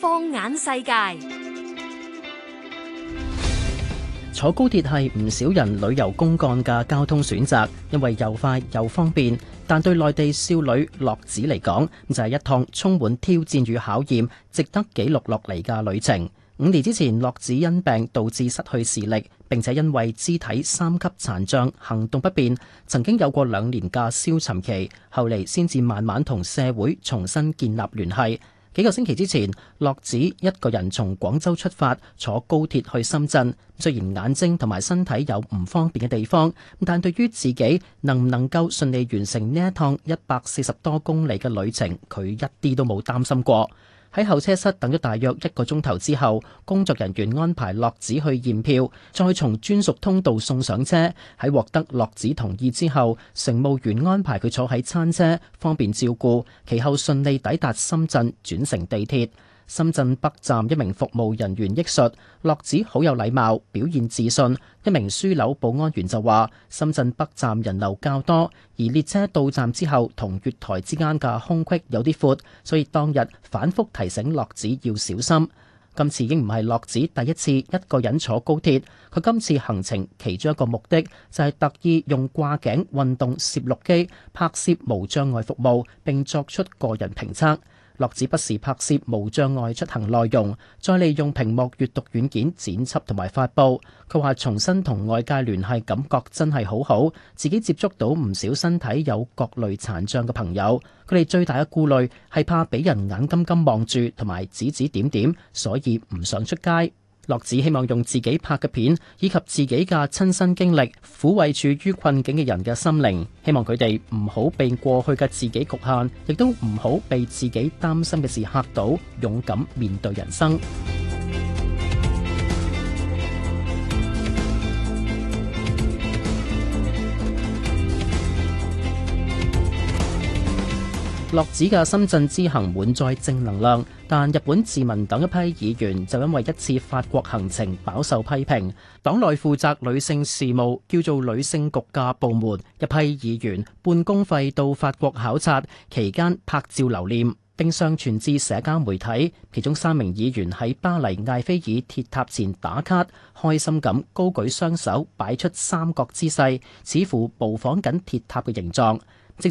放眼世界，坐高鐵係唔少人旅遊公幹嘅交通選擇，因為又快又方便。但對內地少女樂子嚟講，咁就係一趟充滿挑戰與考驗，值得記錄落嚟嘅旅程。五年之前，樂子因病導致失去視力，並且因為肢體三級殘障，行動不便，曾經有過兩年嘅消沉期。後嚟先至慢慢同社會重新建立聯繫。幾個星期之前，樂子一個人從廣州出發，坐高鐵去深圳。雖然眼睛同埋身體有唔方便嘅地方，但對於自己能唔能夠順利完成呢一趟一百四十多公里嘅旅程，佢一啲都冇擔心過。喺候車室等咗大約一個鐘頭之後，工作人員安排落子去驗票，再從專屬通道送上車。喺獲得樂子同意之後，乘務員安排佢坐喺餐車，方便照顧。其後順利抵達深圳，轉乘地鐵。深圳北站一名服務人員憶述：樂子好有禮貌，表現自信。一名樞紐保安員就話深圳北站人流較多，而列車到站之後同月台之間嘅空隙有啲闊，所以當日反覆提醒樂子要小心。今次已經唔係樂子第一次一個人坐高鐵，佢今次行程其中一個目的就係特意用掛頸運動攝錄機拍攝無障礙服務並作出個人評測。落子不時拍攝無障礙出行內容，再利用屏幕閱讀軟件剪輯同埋發布。佢話重新同外界聯繫，感覺真係好好。自己接觸到唔少身體有各類殘障嘅朋友，佢哋最大嘅顧慮係怕俾人眼金金望住同埋指指點點，所以唔想出街。樂子希望用自己拍嘅片，以及自己嘅親身經歷，撫慰處於困境嘅人嘅心靈，希望佢哋唔好被過去嘅自己局限，亦都唔好被自己擔心嘅事嚇到，勇敢面對人生。落子嘅深圳之行滿載正能量，但日本自民黨一批議員就因為一次法國行程飽受批評，黨內負責女性事務叫做女性局嘅部門一批議員半公費到法國考察期間拍照留念並上傳至社交媒體，其中三名議員喺巴黎艾菲爾鐵塔前打卡，開心咁高舉雙手擺出三角姿勢，似乎模仿緊鐵塔嘅形狀。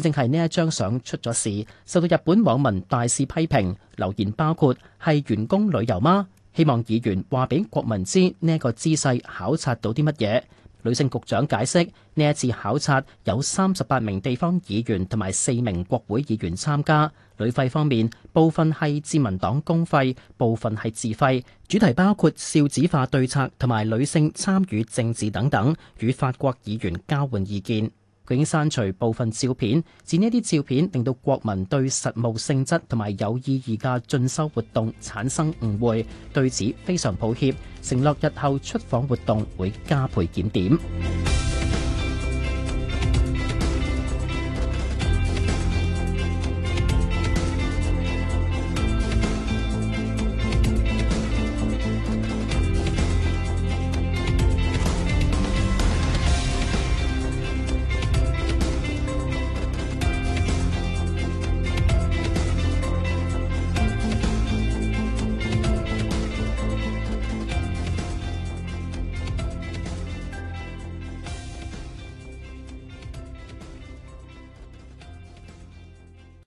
正正係呢一張相出咗事，受到日本網民大肆批評，留言包括係員工旅遊嗎？希望議員話俾國民知呢個姿勢考察到啲乜嘢？女性局長解釋，呢一次考察有三十八名地方議員同埋四名國會議員參加，旅費方面部分係自民黨公費，部分係自費。主題包括少子化對策同埋女性參與政治等等，與法國議員交換意見。佢已經刪除部分照片，指呢啲照片令到國民對實務性質同埋有意義嘅進修活動產生誤會，對此非常抱歉，承諾日後出訪活動會加倍檢點。